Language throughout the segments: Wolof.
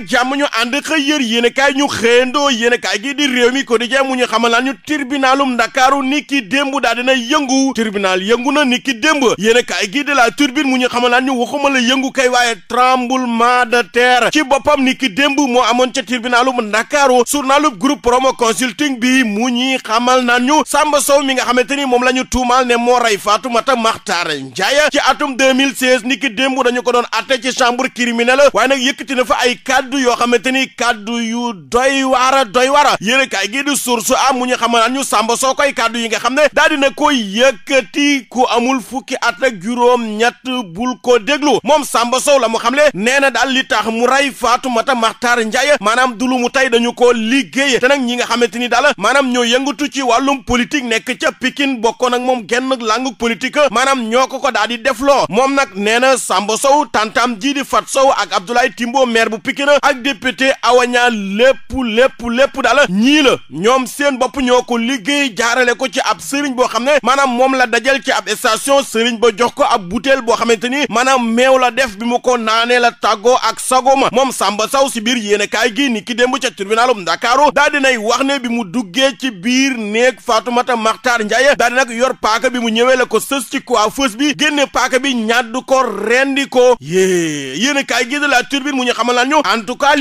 ak ñu ànd xëy yër yéenekaay ñu xëyandoo yéenekaay gi di réew mi quotidien mu ñu xamal laan ñu tribunalum ndakaaru ni ki démb daa na yëngu tribunal yëngu na ni ki démb yéenekaay gi de la turbine mu ñu xamal laan ñu waxuma la yëngu kay waaye tremblement de terre ci boppam ni ki démb moo amoon ca tribunalum ndakaaru journalub groupe promo consulting bi mu ñuy xamal naan ñu Samba Sow mi nga xamante ni moom la ñu tuumaal ne moo rey Fatoumata Makhtar Ndiaye ci atum 2016 ni ki démb dañu ko doon atte ci chambre criminelle waaye nag na fa ay kàddu kaddu yoo xamante ni kaddu yu doy waara doy waara yéen kaay gii di source am mu ñu ñu samba soo koy kaddu yi nga xam ne daal dina ko yëkkati ku amul fukki at ak juróom-ñett bul déglu moom sàmba sow la mu xam le nee na daal li tax mu rey Fatoumata Makhtar Ndiaye maanaam du mu tey dañu ko liggéey te ñi nga xamante ni daal maanaam ñoo yëngatu ci wàllum politique nekk ca Pikine bokkoon ak moom genn langue politique maanaam ñoo ko ko daal di defloo moom nag nee na sàmba sow tantam ji di fat sow ak Abdoulaye Timbo maire bu na ak député Awa Niane lépp lépp lépp daal ñii la ñoom seen bopp ñoo ko liggéey jaarale ko ci ab sëriñ boo xam ne maanaam moom la dajal ci ab station sëriñ ba jox ko ab butéel boo xamante ni maanaam meew la def bi mu ko naanee la tàggoo ak ma moom Samba saw si biir yéenekaay gi ni ki démb ca tribunalum Ndakaaru daa dinay wax ne bi mu duggee ci biir néeg Fatoumata Makhtar Ndiaye daa di nag yor paaka bi mu ñëwee la ko sës ci coiffeuse bi génne paaka bi ñàdd ko rendi ko yée yéenekaay gi de la turbine mu ñu en tout cas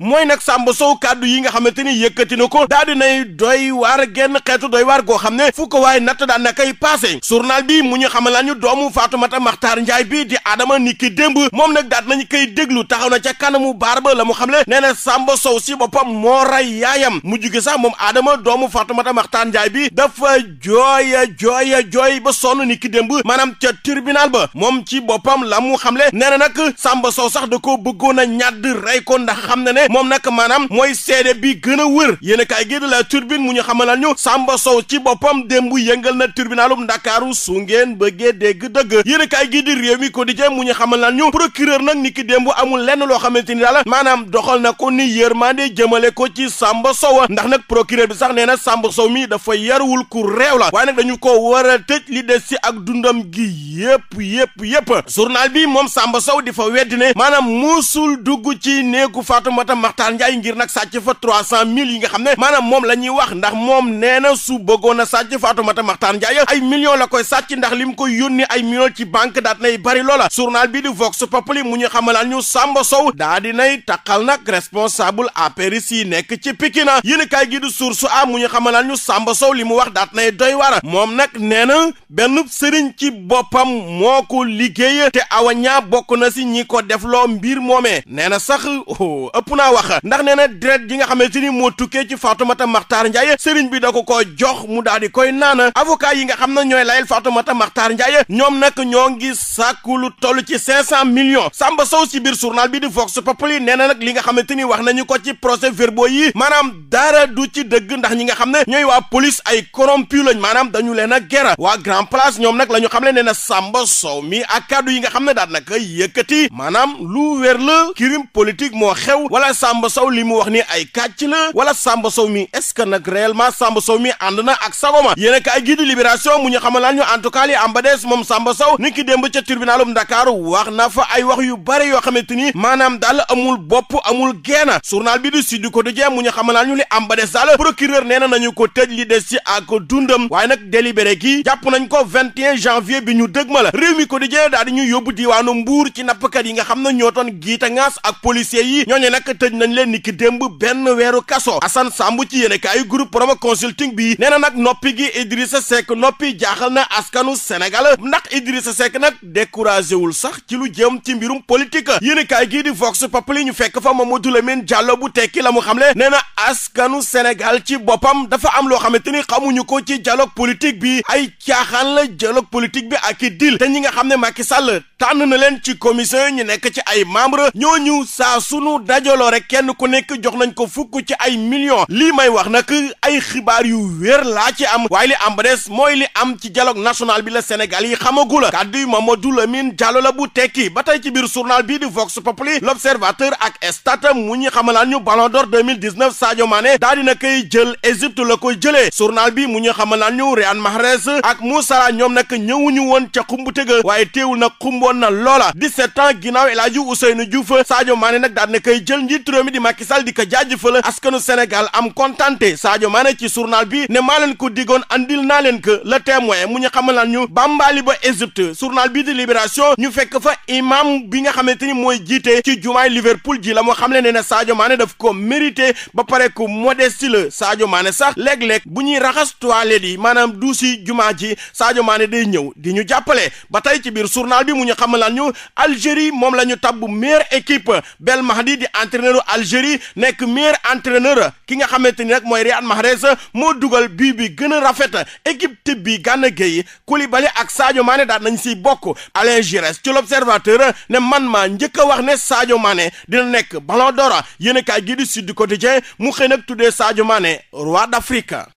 mooy nag Samba Sow kàddu yi nga xamante ni yëkkati na ko daal di nay doy waar genn xeetu doy waar goo xam ne fu ko waaye natt daan na koy passé journal bi mu ñu xamal la ñu doomu Fatoumata Makhtar njaay bi di Adama ni ki démb moom nag daat nañu koy déglu taxaw na ca kanamu baar ba la mu xamle nee na Samba Sow si boppam moo rey yaayam mu juge sax moom Adama doomu Fatoumata Makhtar Ndiaye bi dafa jooya jooya jooy ba sonn ni ki démb maanaam ca tribunal ba moom ci boppam la mu xamle nee na nag Samba Sow sax da koo bëggoon a rey ko ndax xam na ne moom nag maanaam mooy seede bi gën a wër yéen a kaay gi de la turbine mu ñu xamalal ñu Samba Sow ci boppam démb yëngal na tribunalum Ndakaaru su ngeen bëggee dégg dëgg yéen a kaay gi di réew mi quotidien mu ñu xamalal ñu procureur nag ni ki démb amul lenn loo xamante ni daal maanaam doxal na ko ni yërmande jëmale ko ci Samba ndax nag procureur bi sax nee na Samba Sow mi dafa yarwul ku réew la waaye nag dañu ko war a tëj li de ci ak dundam gi yëpp yëpp yëpp journal bi ci néegu Fatoumata Maxtaar ngir nag sàcc fa trois cent mille yi nga xam ne maanaam moom la ñuy wax ndax moom nee na su bëggoon a sàcc Fatoumata Maxtaar Njaay ay millions la koy sàcc ndax lim ko yónni ay millions ci banque daat nay bari loola journal bi di Vox Populi mu ñu xamalaan ñu Samba Sow daa di nay taqal nag responsable APR yi nekk ci Pikina yéen kaay gi di Source A mu ñu xamalaan ñu Samba Sow li mu wax daat nay doy waar moom nag nee na benn sëriñ ci boppam moo ko liggéey te awañaa bokk na si ñi ko defloo mbir moomee nee na sax oh ëpp naa wax ndax nee na deret ji nga xamante ni moo tukkee ci Fatoumata Makhtar Ndiaye sëriñ bi da ko ko jox mu daal di koy naan avocat yi nga xam ne ñooy layel Fatoumata Makhtar Ndiaye ñoom nag ñoo ngi sàkku lu toll ci cinq cent millions Samba Sow ci biir journal bi di Vox Populi nee na nag li nga xamante ni wax nañu ko ci procès verbaux yi maanaam dara du ci dëgg ndax ñi nga xam ne ñooy waa police ay corrompu lañ maanaam dañu leen a gera waa grand place ñoom nag la ñu xam ne nee na Samba mi ak kàddu yi nga xam ne daal nag yëkkati maanaam lu wér politique moo xew wala Samba Sow li mu wax ni ay kàcc la wala Samba Sow mi est-ce que nag réellement Samba Sow mi ànd na ak sagoma yéen a kaay gii di libération mu ñu xamalaan ñu en tout cas li am ba moom Samba Sow ni ki démb ca tribunalum Dakar wax na fa ay wax yu bare yoo xamante ni maanaam daal amul bopp amul génn journal bi du Sud Quotidien mu ñu xamalaan ñu li am ba des daal procureur na nañu ko tëj li des ci ak dundam waaye nag délibéré gi jàpp nañ ko 21 janvier bi ñu dëgmal réew mi Quotidien daal di ñu yóbbu diwaanu Mbuur ci nappkat yi nga xam ne ñoo doon giita ngaas ak policiers yi ñooñu nag tëj nañ leen niki démb benn weeru kaso Assane Samb ci yéenekaayu groupe Promo Consulting bi nee na nag noppi gi Idrissa Seck noppi jaaxal na askanu Sénégal ndax Idrissa Seck nag découragé wul sax ci lu jëm ci mbirum politique yéenekaay gii di Vox Populi ñu fekk fa Mamadou Lamine Diallo bu tekki la mu xamle nee na askanu Sénégal ci boppam dafa am loo xamante ni xamuñu ko ci dialogue politique bi ay caaxaan la dialogue politique bi ak i dil ñi nga xam ne Macky Sall tànn na leen ci commission yi ñu nekk ci ay membre ñooñu saa sunu dajaloo rek kenn ku nekk jox nañ ko fukk ci ay millions lii may wax nag ay xibaar yu wér laa ci am waaye li am ba des mooy li am ci dialogue national bi la Sénégal yi xamagu la kàddu yi Mamadou Lamine Diallo la bu tekki ba tey ci biir journal bii di Vox Populi l'Observateur ak Stades mu ñu xamalaan ñu Ballon d'Or 2019 Sadio Mané daal dina koy jël Égypte la ko jëlee journal bi mu ñu xamalaan ñu Riyad Mahrez ak Moussa ñoom nag ñëwuñu woon ca xumbutëga waaye teewul nag xumboon na loola 17 ans ginnaaw El Hadji Ousseynou Diouf Sadio maane nag daal ne koy jël njiit réew mi di Macky Sall di ko jaajëfal askanu Sénégal am kontante Sadio Mané ci journal bi ne maa leen ko digoon andil naa leen ko le témoin mu ñu xamal naan ñu bàmbaali ba Égypte journal bi di Libération ñu fekk fa imam bi nga xamante ni mooy jiite ci jumaay Liverpool ji la moo xam le ne ne Sadio Mané daf ko mérité ba pare ku modeste la Sadio Mané sax léeg-léeg bu ñuy raxas toilette yi maanaam duusi jumaa ji Sadio Mané day ñëw di ñu jàppale ba tey ci biir journal bi mu ñu xamal naan ñu moom la ñu tabb meilleure équipe Bel Mahdi di entraîneur u Algérie nekk meilleur entraîneur ki nga xamante ni nag mooy Riyad Mahrez moo dugal bii bi gën a rafet équipe bii bi Gana Gueye Koulibaly ak Sadio Mané daal nañ siy bokk Alain Giresse ci ne man maa njëkk a wax ne Sadio Mané dina nekk Ballon d'Or yéen a si gii di Sud Quotidien mu xëy nag tuddee Sadio Mané roi d'Afrique